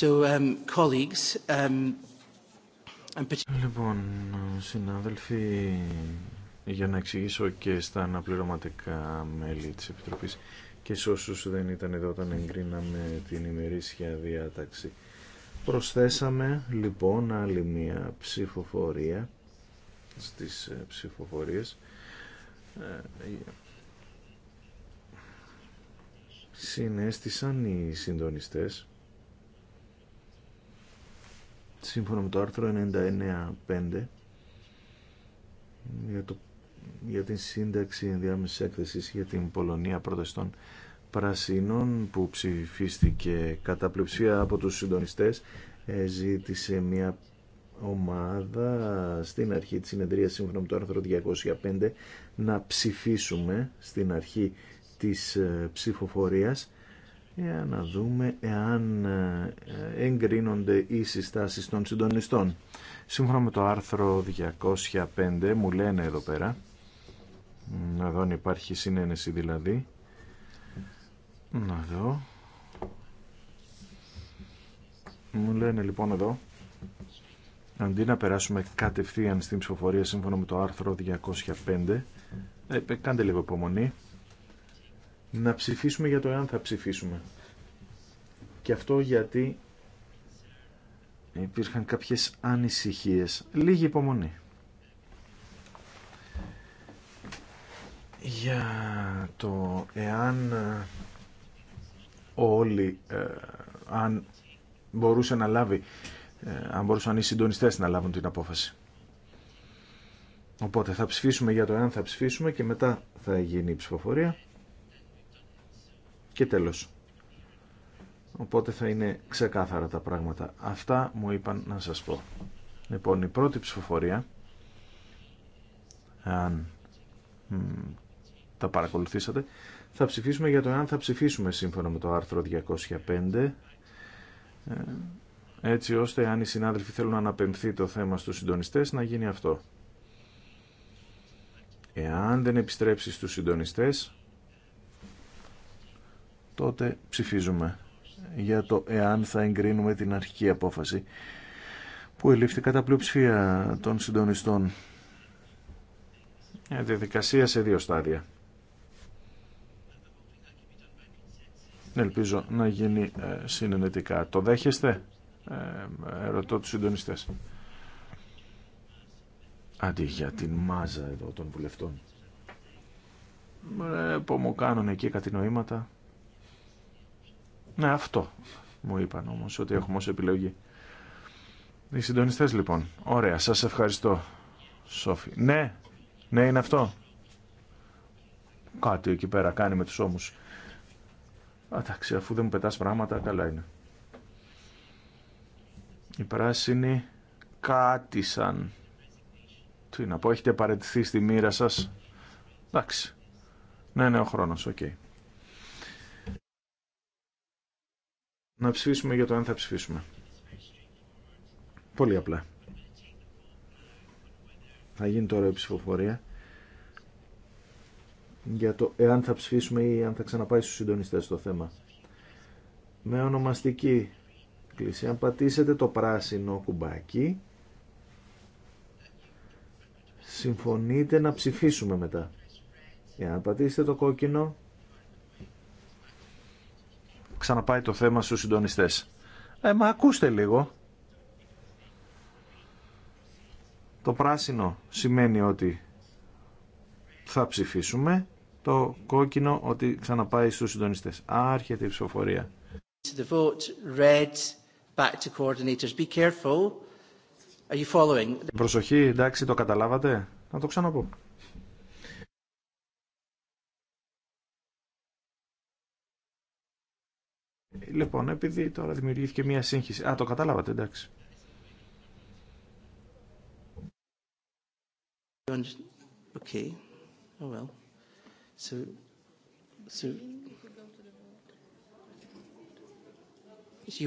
Um, um, λοιπόν, συνάδελφοι, για να εξηγήσω και στα αναπληρωματικά μέλη της Επιτροπής και σε δεν ήταν εδώ όταν εγκρίναμε την ημερήσια διάταξη. Προσθέσαμε λοιπόν άλλη μία ψηφοφορία στις ε, ψηφοφορίες ε, συνέστησαν οι συντονιστές σύμφωνα με το άρθρο 99.5 για, το, για την σύνταξη ενδιάμεσης έκθεσης για την Πολωνία πρόταση των Πρασίνων που ψηφίστηκε κατά πλειοψηφία από τους συντονιστές ζήτησε μια ομάδα στην αρχή της συνεδρίας σύμφωνα με το άρθρο 205 να ψηφίσουμε στην αρχή της ε, ψηφοφορίας για να δούμε εάν ε, εγκρίνονται οι συστάσεις των συντονιστών. Σύμφωνα με το άρθρο 205 μου λένε εδώ πέρα, να δω αν υπάρχει συνένεση δηλαδή, να δω, μου λένε λοιπόν εδώ, αντί να περάσουμε κατευθείαν στην ψηφοφορία σύμφωνα με το άρθρο 205, ε, κάντε λίγο υπομονή, να ψηφίσουμε για το εάν θα ψηφίσουμε. Και αυτό γιατί υπήρχαν κάποιες ανησυχίες. Λίγη υπομονή. Για το εάν ε, όλοι, ε, αν μπορούσε να λάβει, ε, αν μπορούσαν οι συντονιστές να λάβουν την απόφαση. Οπότε θα ψηφίσουμε για το εάν θα ψηφίσουμε και μετά θα γίνει η ψηφοφορία και τέλος. Οπότε θα είναι ξεκάθαρα τα πράγματα. Αυτά μου είπαν να σας πω. Λοιπόν, η πρώτη ψηφοφορία, αν τα παρακολουθήσατε, θα ψηφίσουμε για το εάν θα ψηφίσουμε σύμφωνα με το άρθρο 205, ε, έτσι ώστε αν οι συνάδελφοι θέλουν να αναπεμφθεί το θέμα στους συντονιστές, να γίνει αυτό. Εάν δεν επιστρέψει στους συντονιστές, τότε ψηφίζουμε για το εάν θα εγκρίνουμε την αρχική απόφαση που ελήφθη κατά πλειοψηφία των συντονιστών. Ε, διαδικασία σε δύο στάδια. Ελπίζω να γίνει ε, συνενετικά. Το δέχεστε, ε, ρωτώ τους συντονιστές. Αντί για την μάζα εδώ των βουλευτών. Ε, μου κάνουν εκεί κάτι νοήματα. Ναι, αυτό μου είπαν όμως ότι έχουμε ως επιλογή. Οι συντονιστέ λοιπόν. Ωραία, σας ευχαριστώ. Σόφι. Ναι, ναι είναι αυτό. Κάτι εκεί πέρα κάνει με τους ώμους. Εντάξει, αφού δεν μου πετάς πράγματα, καλά είναι. Οι πράσινοι κάτι σαν... Τι να πω, έχετε παραιτηθεί στη μοίρα σας. Εντάξει. Ναι, ναι, ο χρόνος, οκ. να ψηφίσουμε για το αν θα ψηφίσουμε. Πολύ απλά. Θα γίνει τώρα η ψηφοφορία για το εάν θα ψηφίσουμε ή αν θα ξαναπάει στους συντονιστές το θέμα. Με ονομαστική κλίση. Αν πατήσετε το πράσινο κουμπάκι, συμφωνείτε να ψηφίσουμε μετά. Εάν πατήσετε το κόκκινο, ξαναπάει το θέμα στους συντονιστές. Ε, μα ακούστε λίγο. Το πράσινο σημαίνει ότι θα ψηφίσουμε, το κόκκινο ότι ξαναπάει στους συντονιστές. Άρχεται η ψηφοφορία. Προσοχή, εντάξει, το καταλάβατε. Να το ξαναπώ. Λοιπόν, επειδή τώρα δημιουργήθηκε μία σύγχυση. Α, το κατάλαβατε, εντάξει. Okay. Oh well. So, so you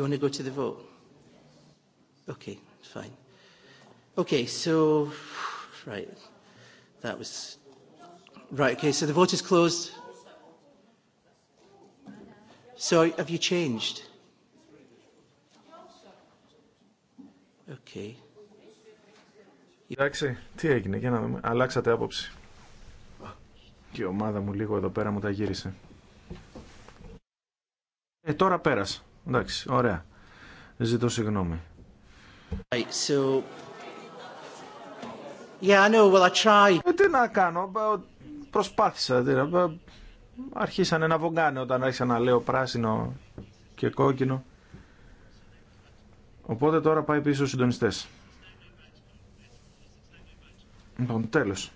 want to go to the vote? Okay, fine. Okay, so right. That was right. Okay, so the vote is closed. So have you changed? Okay. Εντάξει, τι έγινε, για να δούμε. Αλλάξατε άποψη. Και η ομάδα μου λίγο εδώ πέρα μου τα γύρισε. Ε, τώρα πέρασα. Εντάξει, ωραία. Ζητώ συγγνώμη. so... Yeah, I know, I try. Ε, τι να κάνω, προσπάθησα αρχίσανε να βογκάνε όταν άρχισαν να λέω πράσινο και κόκκινο. Οπότε τώρα πάει πίσω στους συντονιστές. Λοιπόν, τέλος.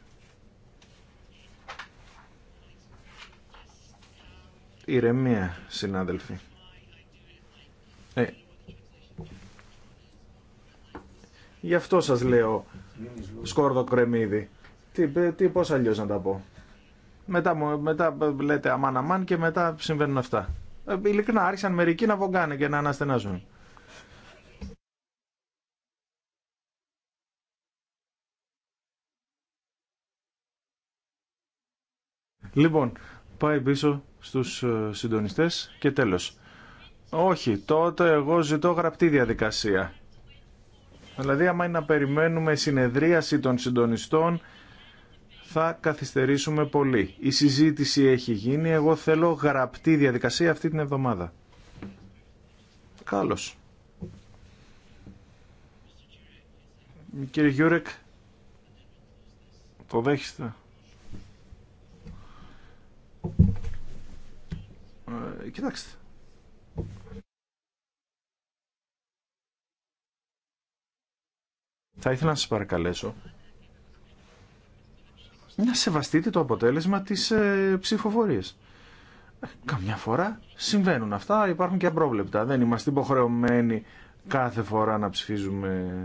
Ηρεμία, συνάδελφοι. Ε, γι' αυτό σας λέω σκόρδο κρεμμύδι. Τι, τι, πώς αλλιώς να τα πω. Μετά, μετά λέτε αμάν αμάν και μετά συμβαίνουν αυτά. Ε, ειλικρινά άρχισαν μερικοί να βογκάνε και να αναστενάζουν. Λοιπόν, πάει πίσω στους ε, συντονιστές και τέλος. Όχι, τότε εγώ ζητώ γραπτή διαδικασία. Δηλαδή, άμα είναι να περιμένουμε συνεδρίαση των συντονιστών θα καθυστερήσουμε πολύ. Η συζήτηση έχει γίνει. Εγώ θέλω γραπτή διαδικασία αυτή την εβδομάδα. Καλώς. Κύριε Γιούρεκ, το δέχεστε. Ε, κοιτάξτε. Θα ήθελα να σας παρακαλέσω να σεβαστείτε το αποτέλεσμα της ε, ψηφοφορίας. Ε, καμιά φορά συμβαίνουν αυτά, υπάρχουν και απρόβλεπτα. Δεν είμαστε υποχρεωμένοι κάθε φορά να ψηφίζουμε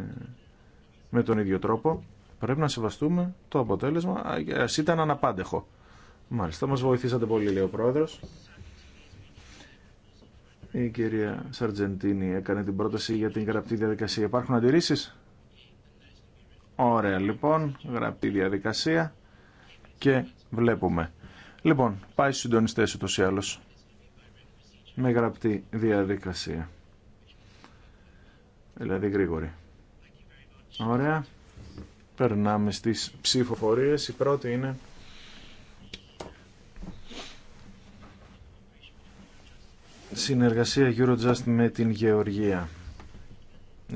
με τον ίδιο τρόπο. Πρέπει να σεβαστούμε το αποτέλεσμα, Α ε, ήταν αναπάντεχο. Μάλιστα, μας βοηθήσατε πολύ, λέει ο Πρόεδρος. Η κυρία Σαρτζεντίνη έκανε την πρόταση για την γραπτή διαδικασία. Υπάρχουν αντιρρήσεις? Ωραία, λοιπόν, γραπτή διαδικασία και βλέπουμε. Λοιπόν, πάει στους συντονιστές ούτως ή άλλως. Με γραπτή διαδικασία. Δηλαδή γρήγορη. Ωραία. Περνάμε στις ψηφοφορίες. Η πρώτη είναι... Συνεργασία Eurojust με την Γεωργία.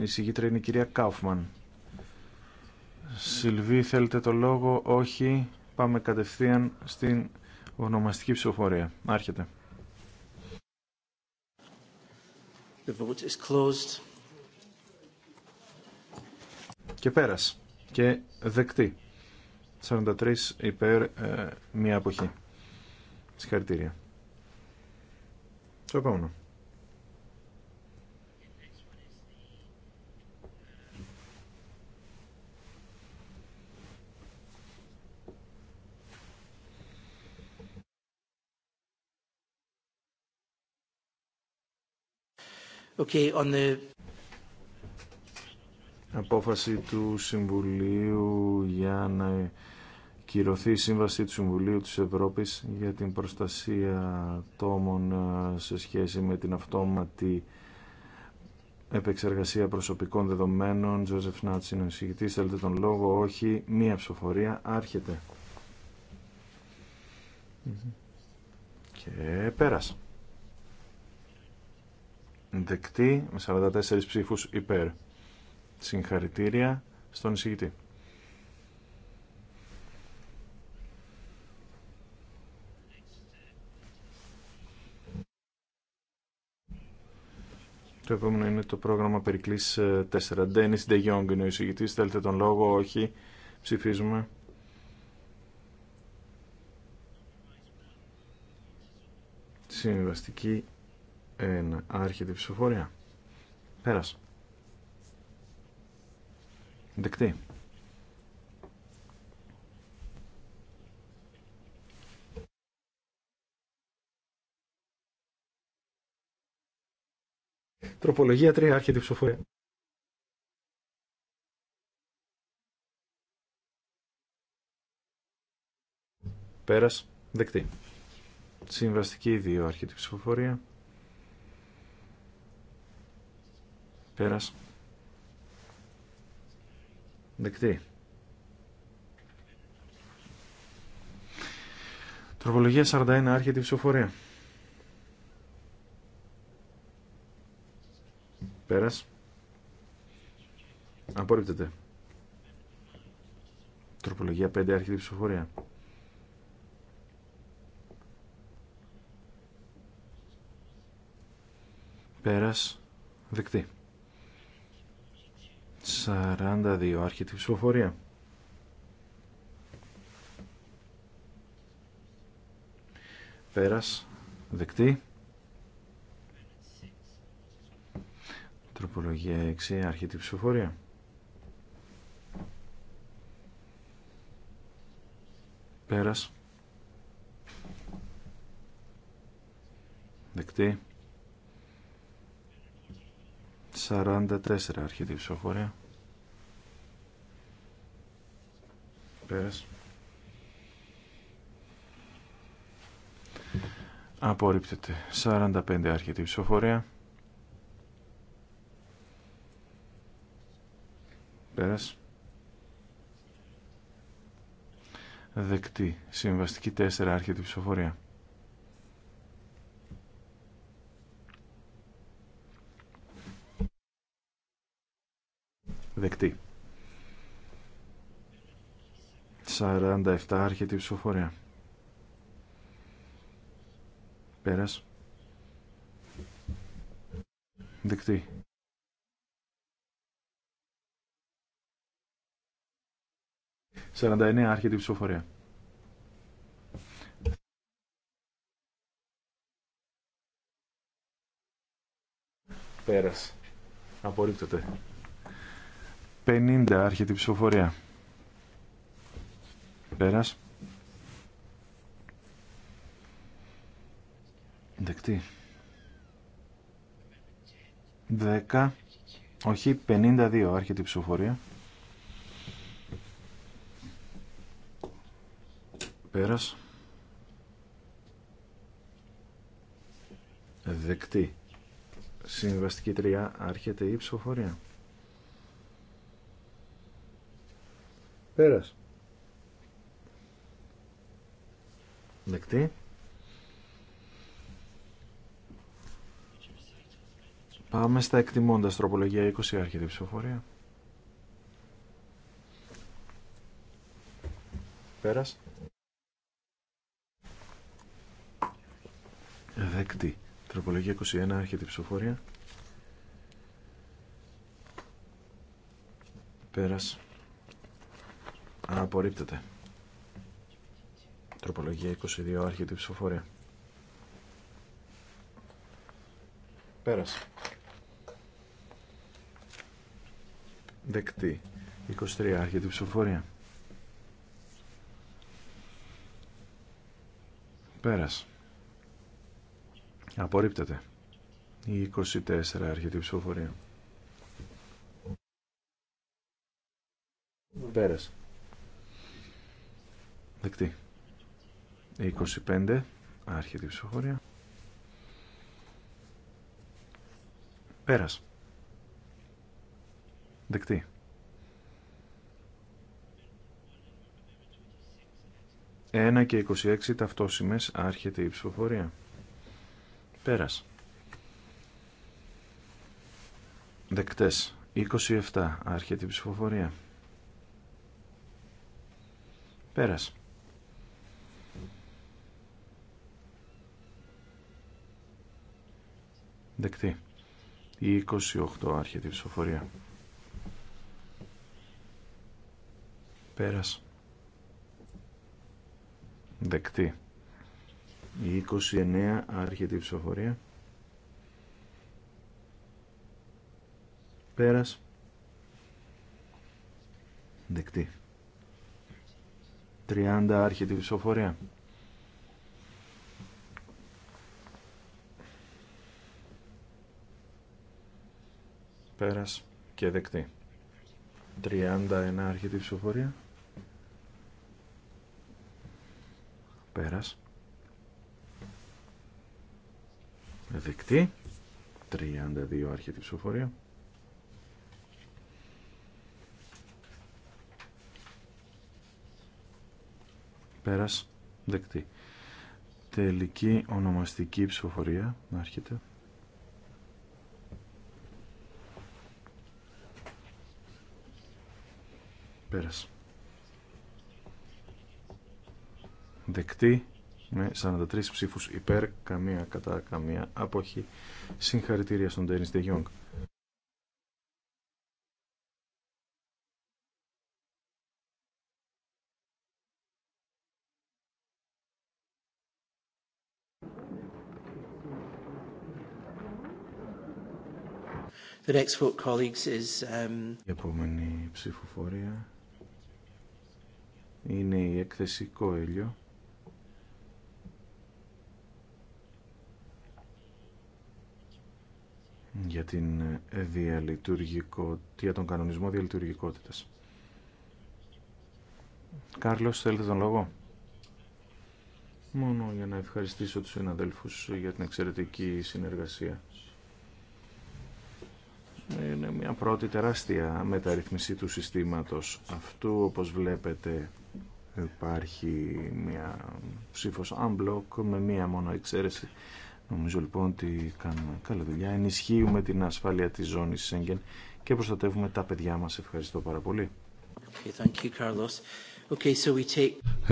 Η συγκίτρια είναι η κυρία Κάουφμαν. Σιλβί, θέλετε το λόγο, όχι. Πάμε κατευθείαν στην ονομαστική ψηφοφορία. Άρχεται. Και πέρας. Και δεκτή. 43 υπέρ ε, μία αποχή. Συγχαρητήρια. Το επόμενο. Απόφαση του Συμβουλίου για να κυρωθεί η Σύμβαση του Συμβουλίου της Ευρώπης για την προστασία τόμων ε, σε σχέση με την αυτόματη επεξεργασία προσωπικών δεδομένων. Τζοζεφ Νάτς είναι ο εισηγητής. Θέλετε τον λόγο, όχι. Μία ψηφοφορία. Άρχεται. Και πέρασε δεκτή με 44 ψήφους υπέρ. Συγχαρητήρια στον εισηγητή. Το επόμενο είναι το πρόγραμμα Περικλής 4. Ε, Ντένις Ντεγιόγκ, είναι ο εισηγητής. Θέλετε τον λόγο, όχι. Ψηφίζουμε. Συμβαστική ένα. άρχεται η ψηφοφορία πέρας δεκτή Τροπολογία 3 άρχεται η ψηφοφορία πέρας δεκτή Συμβαστική 2 άρχεται η ψηφοφορία Πέρας. Δεκτή. Τροπολογία 41, άρχεται η ψηφοφορία. Πέρας. Απορρίπτεται. Τροπολογία 5, άρχεται η ψηφοφορία. Πέρας. Δεκτή. 42. Άρχεται η ψηφοφορία. Πέρας. Δεκτή. Τροπολογία 6. Άρχεται η ψηφοφορία. Πέρας. Δεκτή. 44 αρχή ψηφοφορία. Πέρας. Απορρίπτεται. 45 αρχή ψηφοφορία. Πέρας. Δεκτή. Συμβαστική 4 αρχή ψηφοφορία. Δεκτή. 47 άρχεται η ψηφοφορία. Πέρας. Δεκτή. Σαράντα εννέα άρχεται η ψηφοφορία. Πέρας. Απορρίπτεται. 50 άρχεται η ψηφοφορία. Πέρας. Δεκτή. 10. Όχι, 52 άρχεται η ψηφοφορία. Πέρας. Δεκτή. Συμβαστική 3 άρχεται η ψηφοφορία. Πέρας. Δεκτή. Πάμε στα εκτιμώντα τροπολογία 20 άρχεται ψηφοφορία. Πέρας. Δεκτή. Τροπολογία 21 άρχεται ψηφοφορία. Πέρας. Απορρίπτεται. Τροπολογία 22. αρχιετή ψηφοφορία. Πέρασε. Δεκτή. 23. αρχιετή ψηφοφορία. Πέρασε. Απορρίπτεται. 24 αρχιτή ψηφοφορία. Πέρασε. Δεκτή. 25. Άρχεται η ψηφοφορία. Πέρας. Δεκτή. 1 και 26 ταυτόσημες άρχεται η ψηφοφορία. Πέρας. Δεκτές. 27 άρχεται η ψηφοφορία. Πέρας. Δεκτή. Η 28 άρχεται η ψηφοφορία. Πέρας. Δεκτή. Η 29 άρχεται η ψηφοφορία. Πέρας. Δεκτή. 30 άρχεται η ψηφοφορία. πέρας και δεκτή 31 αρχιτή ψηφοφορία πέρας δεκτή 32 αρχιτή ψηφοφορία πέρας δεκτή τελική ονομαστική ψηφοφορία να έρχεται Πέρας. Δεκτή με 43 ψήφους υπέρ, καμία κατά καμία αποχή. Συγχαρητήρια στον Τένις Δε Γιόγκ. The next vote, colleagues, is, um, Η επόμενη ψηφοφορία είναι η έκθεση Κόελιο. για την ε, για τον κανονισμό διαλειτουργικότητας. Κάρλος, θέλετε τον λόγο. Μόνο για να ευχαριστήσω τους συναδέλφους για την εξαιρετική συνεργασία. Είναι μια πρώτη τεράστια μεταρρυθμισή του συστήματος αυτού, όπως βλέπετε υπάρχει μια ψήφος unblock με μία μόνο εξαίρεση. Νομίζω λοιπόν ότι κάνουμε καλή δουλειά. Ενισχύουμε την ασφάλεια της ζώνης Σέγγεν και προστατεύουμε τα παιδιά μας. Ευχαριστώ πάρα πολύ.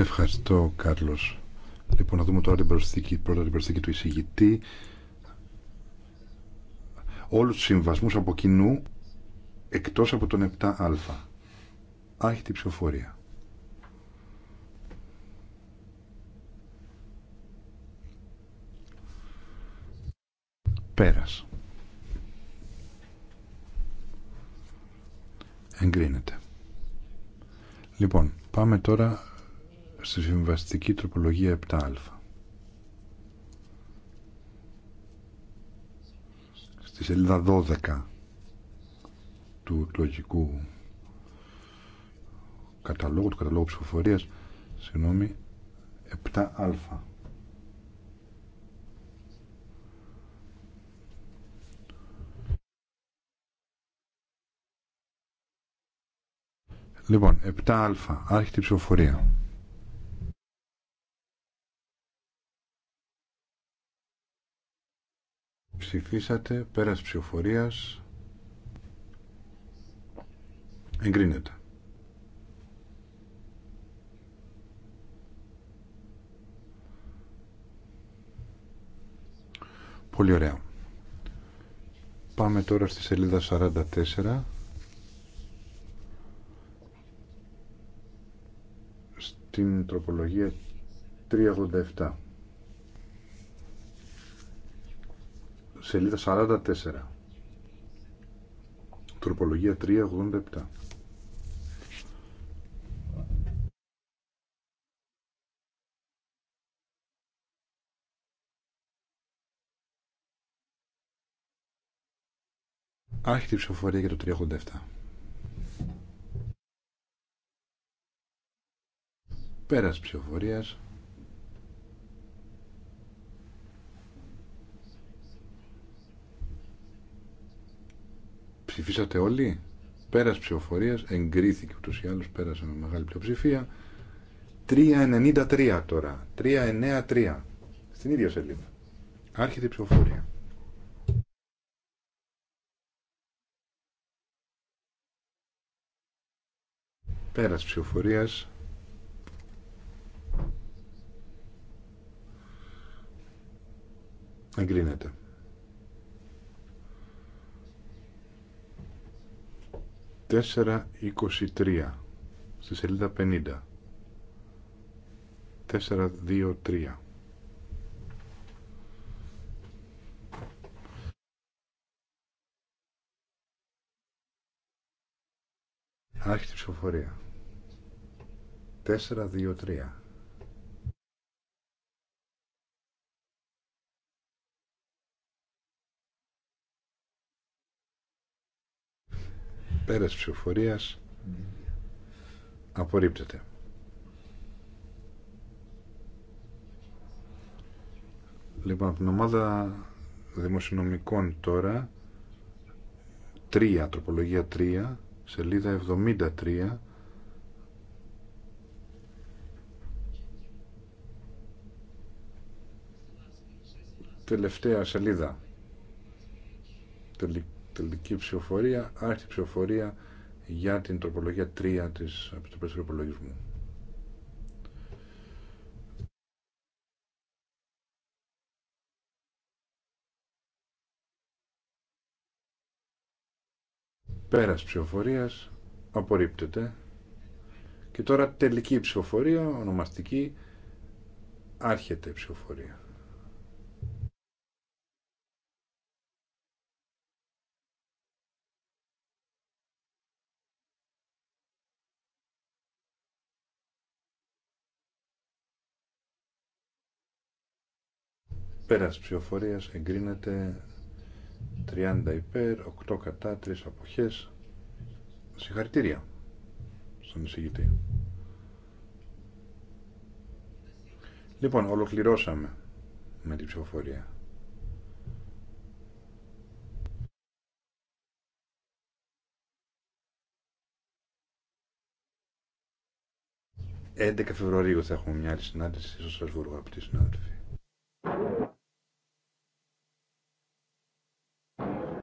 Ευχαριστώ, Κάρλος. Λοιπόν, να δούμε τώρα την προσθήκη, πρώτα την προσθήκη του εισηγητή. Όλους τους συμβασμούς από κοινού, εκτός από τον 7α. Άρχεται η ψηφοφορία. Πέρας. Εγκρίνεται. Λοιπόν, πάμε τώρα στη συμβαστική τροπολογία 7α. Στη σελίδα 12 του εκλογικού καταλόγου, του καταλόγου ψηφοφορίας, συγγνώμη, 7α. Λοιπόν, 7α, άρχιτη ψηφοφορία. Ψηφίσατε, πέρας ψηφοφορίας, εγκρίνεται. Πολύ ωραία. Πάμε τώρα στη σελίδα 44. την τροπολογία 387. Σελίδα 44. Τροπολογία 387. Άρχεται η ψηφοφορία για το 387. Πέρας ψηφοφορίας. Ψηφίσατε όλοι. Πέρας ψηφοφορίας. Εγκρίθηκε ούτως ή άλλως. Πέρασε με μεγάλη πλειοψηφία. 3.93 τώρα. 3.93. Στην ίδια σελίδα. Άρχεται η ψηφοφορία. Πέρας ψηφοφορίας Εγκρίνεται. Τέσσερα στη σελίδα 50. τέσσερα δύο, τρία αρχισε η ψηφοφορια Τέσσερα δύο 3 Πέρας ψηφοφορίας απορρίπτεται. Λοιπόν, από την ομάδα δημοσιονομικών τώρα, τρία, τροπολογία 3, σελίδα 73, τελευταία σελίδα. Τελικά τελική ψηφοφορία, άρχιτη ψηφοφορία για την τροπολογία 3 της Επιτροπής Τροπολογισμού. Πέρας ψηφοφορίας απορρίπτεται και τώρα τελική ψηφοφορία, ονομαστική, άρχεται ψηφοφορία. Πέρας ψηφοφορίας εγκρίνεται 30 υπέρ, 8 κατά, 3 αποχές. Συγχαρητήρια στον εισηγητή. Λοιπόν, ολοκληρώσαμε με την ψηφοφορία. «11 Φεβρουαρίου θα έχουμε μια άλλη συνάντηση στο από τη συνάδελφη.